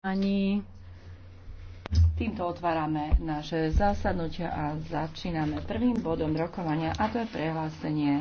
Ani týmto otvárame naše zásadnutia a začíname prvým bodom rokovania a to je prehlásenie